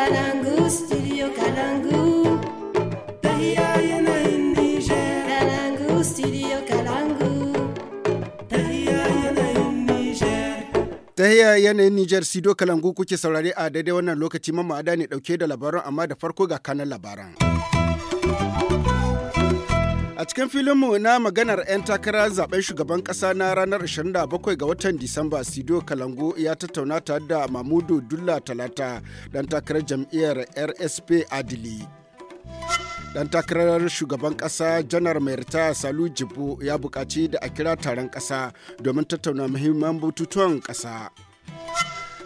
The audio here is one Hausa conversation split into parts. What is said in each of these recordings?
Kalangu, studio Tahiya yanayin Nijar. sido Kalangu. Kalangu kuke saurare a daidai wannan lokaci mamma ada ne dauke da labaran amma da farko ga kanan labaran. A cikin filinmu na maganar 'yan takarar zaben shugaban ƙasa na ranar 27 ga watan Disamba, Sido Kalango ya tattauna tare da Mamudu Dulla Talata dan takarar jam'iyyar RSP Adili. Dan takarar shugaban ƙasa janar Merita Salu Jibo ya buƙaci da a kira taron ƙasa, domin tattauna muhimman bututun kasa.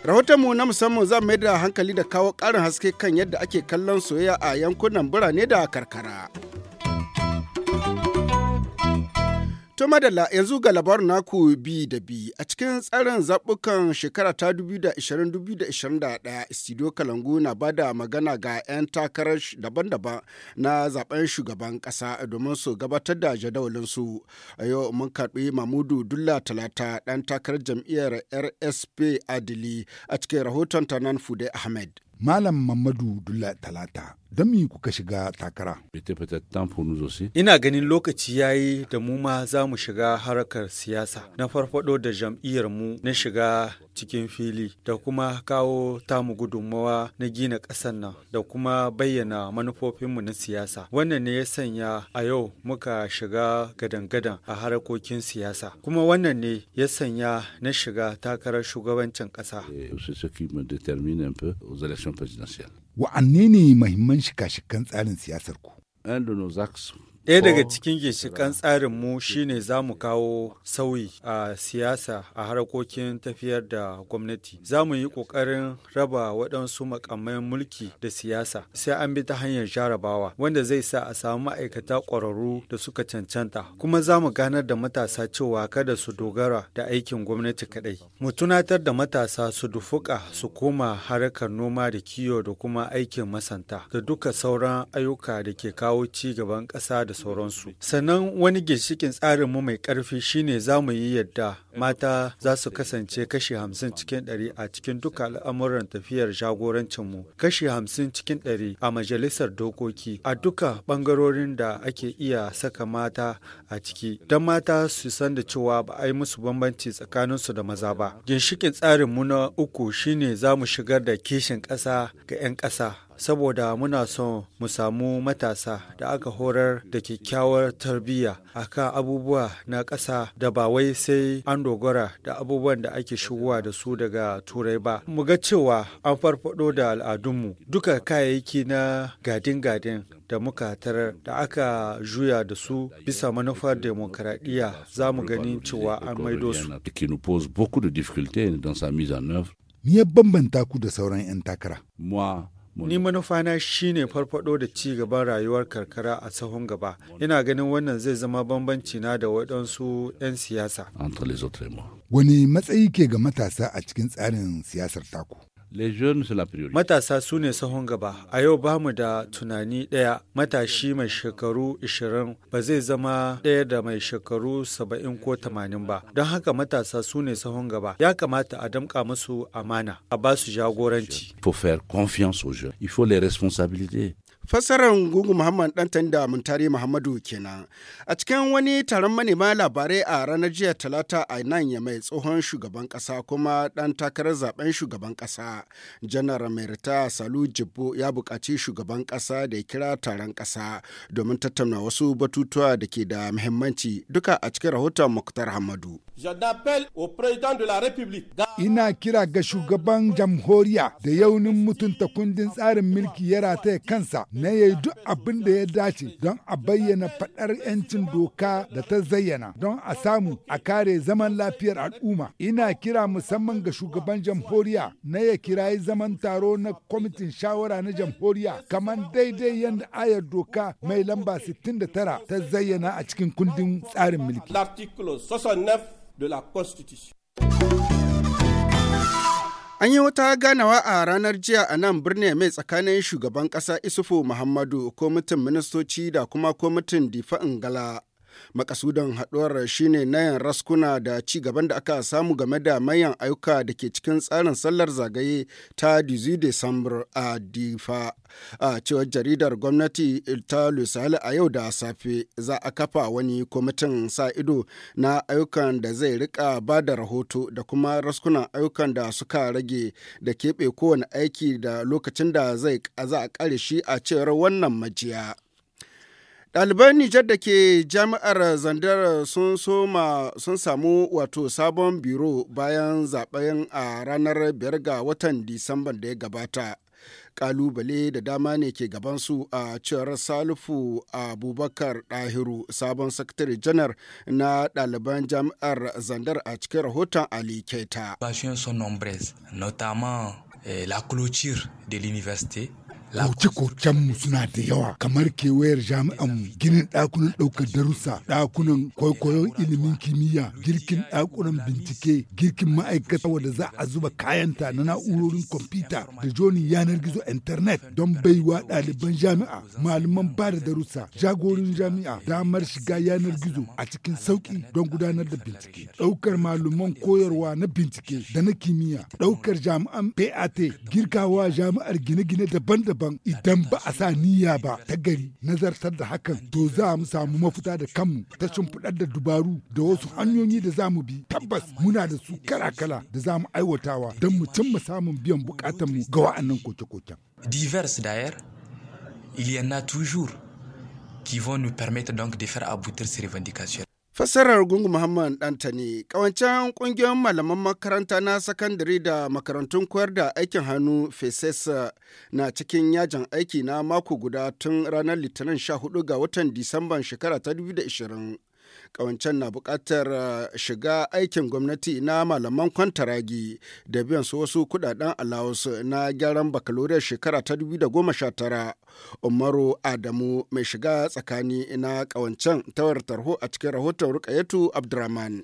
rahotonmu na musamman za mai da hankali da kawo ƙarin haske kan yadda ake kallon soyayya a yankunan birane da karkara. To madalla yanzu ga labarin naku bi da bi a cikin tsarin zaɓukan shekara ta 2020-2021 studio Kalangu na ba da magana ga 'yan takarar daban-daban na zaɓen shugaban ƙasa domin su gabatar da jadawalinsu. A yau mun karɓi Mamudu Dulla Talata ɗan takarar jam'iyyar RSP Adili a cikin rahoton Tanan Fude Ahmed. Malam Mamadu Dulla Talata don mi kuka shiga takara. Ina ganin lokaci ya yi da mu ma za mu shiga harkar siyasa na farfado da jam'iyyar mu na shiga cikin fili da kuma kawo tamu gudunmawa na gina ƙasar nan da kuma bayyana manufofinmu na siyasa. Wannan ne ya sanya a yau muka shiga gadangadan a harkokin siyasa. Kuma wannan ne ya sanya na shiga takarar shugabancin ƙasa. Eh, wa'anne ne mahimman shika-shikan tsarin siyasar ku? Ɗaya daga cikin ginshiƙan tsarinmu shine za mu kawo sauyi a siyasa a harkokin tafiyar da gwamnati. Za mu yi ƙoƙarin raba waɗansu makamai mulki da siyasa sai an bi ta hanyar jarabawa wanda zai sa a samu ma'aikata ƙwararru da suka cancanta. Kuma za mu ganar da matasa cewa kada su dogara da aikin gwamnati kaɗai. Mu tunatar da matasa su dufuƙa su koma harkar noma da kiwo da kuma aikin masanta da duka sauran ayyuka da ke kawo ci gaban ƙasa da da sauransu. Sannan wani ginshikin tsarinmu mai ƙarfi shine za mu yi yadda mata za su kasance kashi hamsin cikin ɗari a cikin duka al'amuran tafiyar jagorancinmu, kashi hamsin cikin ɗari a majalisar dokoki a duka ɓangarorin da ake iya saka mata a ciki, don mata su san da cewa ba a yi musu bambanci tsakaninsu da maza ba. Ginshikin tsarinmu na uku shine za mu shigar da kishin ƙasa ga 'yan ƙasa. saboda muna son mu samu matasa da aka horar da kyakkyawar tarbiyya a kan abubuwa na ƙasa da ba wai sai an dogara da abubuwan da ake shigowa da su daga turai ba mu ga cewa an farfado da al'adunmu duka kayayyaki na gadin-gadin da muka tarar da aka juya da su bisa manufar demokaradiyya za mu ganin cewa an maido su. Me ya bambanta ku da sauran 'yan takara? Ni manufana shine farfado da ci gaban rayuwar karkara a tsahon gaba. Ina ganin wannan zai zama bambanci na da waɗansu 'yan siyasa. Wani matsayi ke ga matasa a cikin tsarin siyasar taku? Matasa su ne sahun gaba, a yau ba mu da tunani ɗaya matashi mai shekaru 20 ba zai zama ɗaya da mai shekaru 70 ko 80 ba, don haka matasa su ne sahun gaba ya kamata a damƙa musu amana a ba su jagoranci. Il faut faire confiance aux jeunes, il faut les responsabiliser. Fassarar gugu Muhammad Dantan da Muntari Muhammadu kenan. A cikin wani taron manema labarai a ranar jiya Talata a nan ya mai tsohon shugaban kasa kuma dan takarar zaben shugaban kasa. Janar Merita Salu Jibbo ya buƙaci shugaban kasa da ya kira taron kasa domin tattauna wasu batutuwa da ke da muhimmanci duka a cikin rahoton Muktar Hamadu. Ina kira ga shugaban jamhuriya da yaunin mutunta kundin tsarin mulki ya rataya kansa na ya yi duk abin da ya dace don a bayyana faɗar 'yancin doka da ta zayyana don a samu a kare zaman lafiyar al'umma. Ina kira musamman ga shugaban jamhuriya na ya kira yi zaman taro na kwamitin shawara na jamhuriya kamar daidai yadda ayar doka mai lamba 69 ta zayyana a cikin kundin tsarin mulki. de la Constitution. An yi wata ganawa a ranar jiya a nan birnin mai tsakanin shugaban ƙasa Isufu Muhammadu, kwamitin ministoci da kuma kwamitin difa'in gala. Makasudan haɗuwar shine nayan raskuna da ci gaban da aka samu game da mayan ayyuka da ke cikin tsarin sallar zagaye ta 18 Desambar a Difa. A cewar jaridar gwamnati ta Lusali a yau da safe za a kafa wani kwamitin sa ido na ayyukan da zai rika ba da rahoto da kuma raskunan ayyukan da suka rage da keɓe kowane aiki da lokacin da za a kare shi a cewar wannan majiya. Ɗaliban Nijar da ke jami'ar Zandar sun soma sun samu wato sabon biro bayan zaben a ranar biyar ga watan Disamban da ya gabata. kalubale da dama ne ke gabansu a cewar salifu abubakar ɗahiru sabon sakatare janar na ɗaliban jami'ar zandar a cikin rahoton ali keita. son nombres notamment eh, la clôture de l'université can mu suna da yawa kamar kewayar mu ginin dakunan ɗaukar darussa dakunan kwaikwayon ilimin kimiyya girkin dakunan bincike girkin ma'aikata wadda za a zuba kayanta na na'urorin kwamfuta da joni yanar gizo intanet don baiwa ɗaliban jami'a malaman ba da darussa jagorin jami'a damar shiga yanar gizo a cikin sauki don gudanar da bincike ɗaukar malaman koyarwa na bincike da na kimiyya ɗaukar jami'an pat girkawa jami'ar gine-gine daban-daban daban idan ba a sa niyya ba ta gari nazartar da hakan to za mu samu mafita da kanmu ta shimfiɗar da dubaru da wasu hanyoyi da za mu bi tabbas muna da su kala-kala da za mu aiwatawa don mu cimma samun biyan bukatanmu ga wa'annan koke-koken. Divers d'ailleurs, il y en a toujours qui vont nous permettre donc de faire aboutir ces revendications. Fassarar Gungu Muhammad Dantani, ƙawancen ƙungiyoyin malaman makaranta na sakandare da makarantun koyar da aikin hannu fesesa na cikin yajin aiki na mako guda tun ranar Litinin 14 ga watan Disamban shekara ta 2020. kawancen na buƙatar eh, shiga aikin gwamnati na malaman kwantaragi da biyan su wasu kuɗaɗen alawus na gyaran bakaloriya shekara ta 2019. Umaru Adamu mai shiga tsakani na ƙawancen tawar tarho a cikin rahoton Rukayetu Abdurrahman.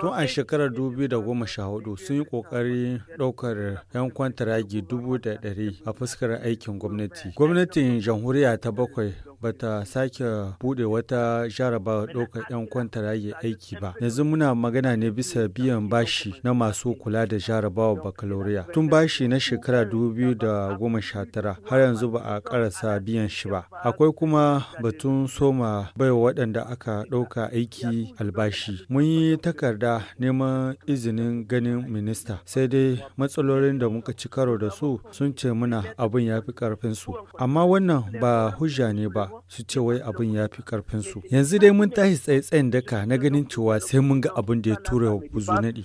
Tun a shekarar 2014 sun yi ƙoƙarin ɗaukar 'yan kwantaragi 1,100 a fuskar aikin gwamnati. Gwamnatin jamhuriya ta bakwai ba ta sake bude wata jaraba ɗaukar 'yan kwanta rage aiki ba. Yanzu muna magana ne bisa biyan bashi na masu kula da jarabawa baccalaureate. Tun bashi na shekara da goma sha tara, har yanzu ba a karasa biyan shi ba. Akwai kuma batun soma bai waɗanda aka ɗauka aiki albashi. Mun yi takarda neman izinin ganin minista. Sai dai matsalolin da muka ci karo da su sun ce muna abin ya fi su Amma wannan ba hujja ne ba. su ce wai abin ya fi su Yanzu dai mun tashi tsaye-tsayen daka na ganin cewa sai mun ga abin da ya tura wa buzu naɗi.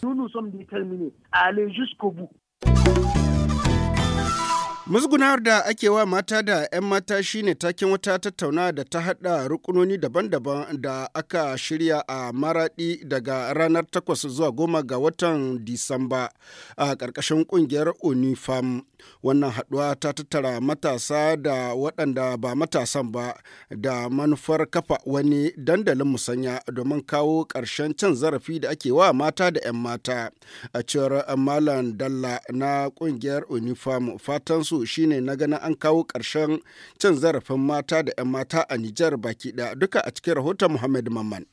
musgunawar da ake wa mata da 'yan mata shine taken wata tattauna da ta hada rukunoni daban-daban da aka shirya a maraɗi daga ranar 8 zuwa goma ga watan disamba a ƙarƙashin ƙungiyar unifam Wannan haduwa ta tattara matasa da waɗanda ba matasan ba da manufar kafa wani dandalin musanya domin kawo ƙarshen cin zarafi da ake wa mata da 'yan mata. A cewar Malam Dalla na ƙungiyar fatan su shine na ganin an kawo ƙarshen cin zarafin mata da 'yan mata a Nijar baki ɗaya duka a cikin rahoton Muhammad Mamman.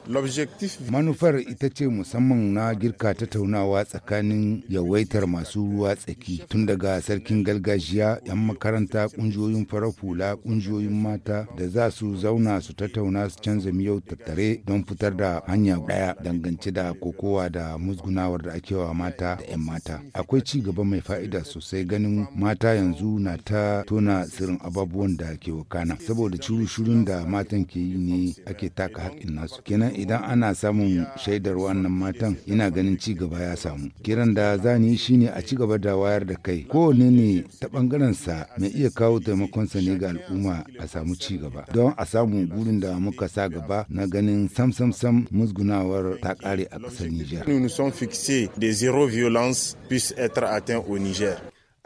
Manufar ita ce musamman na girka tattaunawa tsakanin yawaitar masu ruwa tsaki tun daga sarki sarkin gargajiya 'yan makaranta kungiyoyin farar hula kungiyoyin mata da za su zauna su tattauna su canza miyau tattare don fitar da hanya daya dangance da kokowa da musgunawar da ake wa mata da 'yan mata akwai ci gaba mai fa'ida sosai ganin mata yanzu na ta tona sirrin ababuwan da ke wakana saboda shuru-shurun da matan ke yi ne ake taka haƙƙin nasu kenan idan ana samun shaidar wannan matan ina ganin ci gaba ya samu kiran da zani shine a ci gaba da wayar da kai kowanne ne ne ta bangarensa mai iya kawo taimakonsa ne ga al'umma a samu ci gaba don a samu gurin da muka sa gaba na ganin sam sam sam musgunawar ta kare a ƙasar niger. Nous nous sommes fixés de zéro violence puisse être atteint au Niger.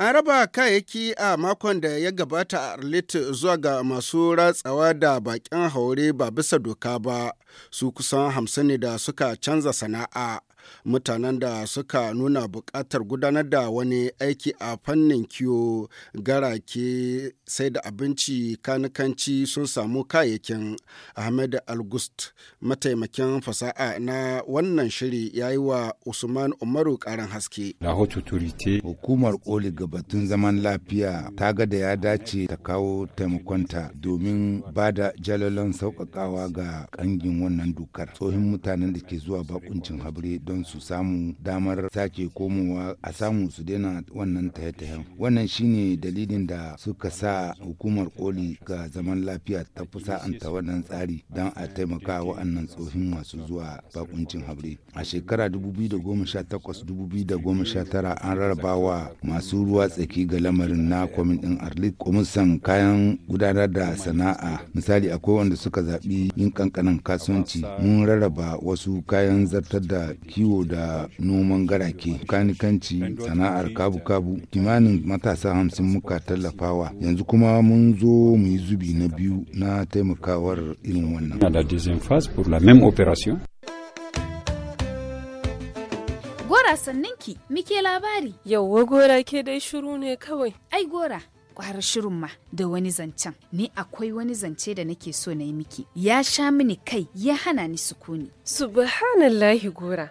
An raba kayayyaki a makon da ya gabata a Arlit zuwa ga masu ratsawa da bakin haure ba bisa doka ba, su kusan hamsin ne da suka canza sana'a. mutanen da suka nuna buƙatar gudanar da wani aiki a fannin kiwo garake sai da abinci kanikanci sun samu kayayyakin ahmed algust mataimakin fasa'a na wannan shiri ya yi wa usman umaru ƙarin haske hukumar koli gabatun zaman lafiya ta ga da ya dace ta kawo taimakonta domin ba da jalolin sauƙaƙawa ga ƙangin wannan dokar tsohon mutanen da ke zuwa bakuncin habire don su samu damar sake komowa a samu su daina wannan tahe wannan shine dalilin da suka sa hukumar koli ga zaman lafiya ta anta wannan tsari don a taimaka wa'annan tsohin masu zuwa bakuncin habre a shekara 2018-2019 an rarraba wa masu ruwa tsaki ga lamarin na kwamin din arlit kwamisan kayan gudanar da sana'a misali akwai wanda suka zaɓi yin kankanin kasuwanci mun rarraba wasu kayan zartar da kiwo kiwo da noman garake kanikanci sana'ar kabu-kabu kimanin matasa hamsin muka tallafawa yanzu kuma mun zo mu yi zubi na biyu na taimakawar irin wannan Gora sannan ki muke labari. Yauwa gora ke dai shiru ne kawai. Ai gora, kwara shirin ma da wani zancen ni akwai wani zance da nake so na yi miki ya sha mini kai ya hana ni sukuni subhanallahi gora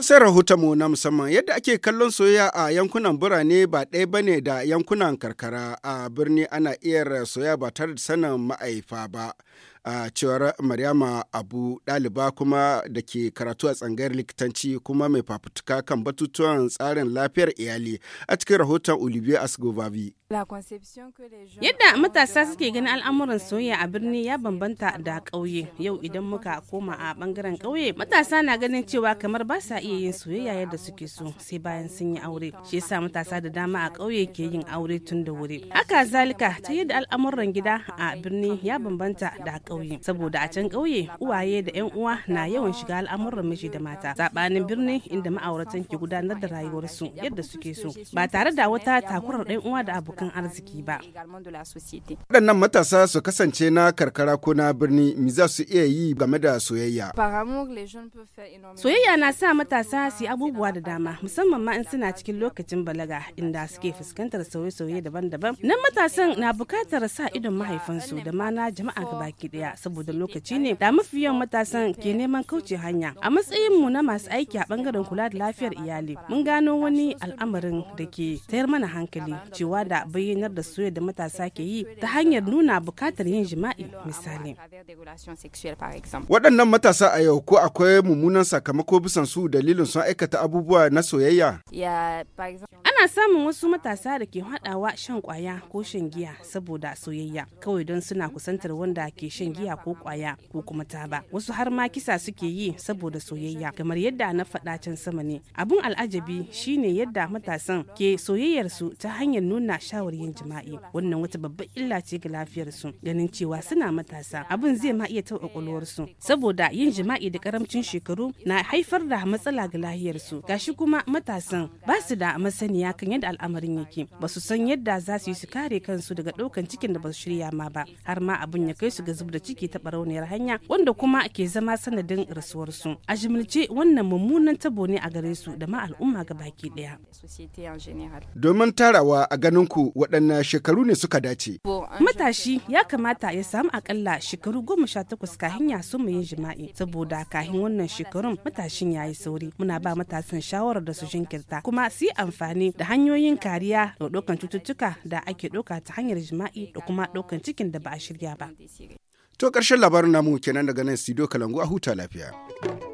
Sai rahotonmu na musamman yadda ake kallon soyayya a yankunan birane ba ɗaya bane da yankunan karkara a birni ana iya soyayya ba tare da sanin ma'aifa ba. a cewar maryama abu ɗaliba kuma da ke karatu a tsangayar likitanci kuma mai fafutuka kan batutuwan tsarin lafiyar iyali a cikin rahoton olivier asgobavi yadda matasa suke ganin al'amuran soyayya a birni ya bambanta da ƙauye yau idan muka koma a bangaren ƙauye matasa na ganin cewa kamar ba sa iya yin soyayya yadda suke so sai bayan sun yi aure shi yasa matasa da dama a ƙauye ke yin aure tun da wuri haka zalika ta yadda al'amuran gida a birni ya bambanta da ƙauye ƙauye saboda a can kauye uwaye da yan uwa na yawan shiga al'amuran miji da mata sabanin birni inda ma'auratan ke gudanar da rayuwarsu yadda suke so ba tare da wata takurar yan uwa da abokan arziki ba waɗannan matasa su kasance na karkara ko na birni me za su iya yi game da soyayya soyayya na sa matasa su yi abubuwa da dama musamman ma in suna cikin lokacin balaga inda suke fuskantar sauye-sauye daban-daban nan matasan na bukatar sa idon mahaifansu da mana na jama'a gabaki ɗaya baya saboda lokaci ne da mafi yawan matasan ke neman kauce hanya. A matsayin mu na masu aiki a bangaren kula da lafiyar iyali, mun gano wani al'amarin da ke tayar mana hankali cewa da bayyanar da soyayya da matasa ke yi ta hanyar nuna bukatar yin jima'i misali. Waɗannan matasa a yau ko akwai mummunan sakamako bisan su dalilin sun aikata abubuwa na soyayya? Ana samun wasu matasa da ke haɗawa shan kwaya ko shan giya saboda soyayya kawai don suna kusantar wanda ke shan giya ko kwaya ko kuma taba wasu har ma kisa suke yi saboda soyayya kamar yadda na faɗa can sama ne abun al'ajabi shine yadda matasan ke soyayyar su ta hanyar nuna shawaryin jima'i wannan wata babbar illa ce ga lafiyar su ganin cewa suna matasa abun zai ma iya tauka kwakwalwar su saboda yin jima'i da karamcin shekaru na haifar da matsala ga lafiyar su gashi kuma matasan ba su da masaniya kan yadda al'amarin yake ba su san yadda za su yi su kare kansu daga ɗaukan cikin da ba su shirya ma ba har ma abun ya kai su ga zub da ciki ta barauniyar hanya wanda kuma ke zama sanadin rasuwarsu a jimilce wannan mummunan tabo ne a gare su da ma al'umma ga baki daya domin tarawa a ganin ku waɗannan shekaru ne suka dace matashi ya kamata ya samu akalla shekaru goma sha takwas kahin ya so mu yin jima'i saboda kahin wannan shekarun matashin ya yi sauri muna ba matasan shawarar da su jinkirta kuma su yi amfani da hanyoyin kariya da ɗaukan cututtuka da ake ɗauka ta hanyar jima'i da kuma ɗaukan cikin da ba a shirya ba To ƙarshen labarin namu kenan daga nan studio Kalangu a huta lafiya.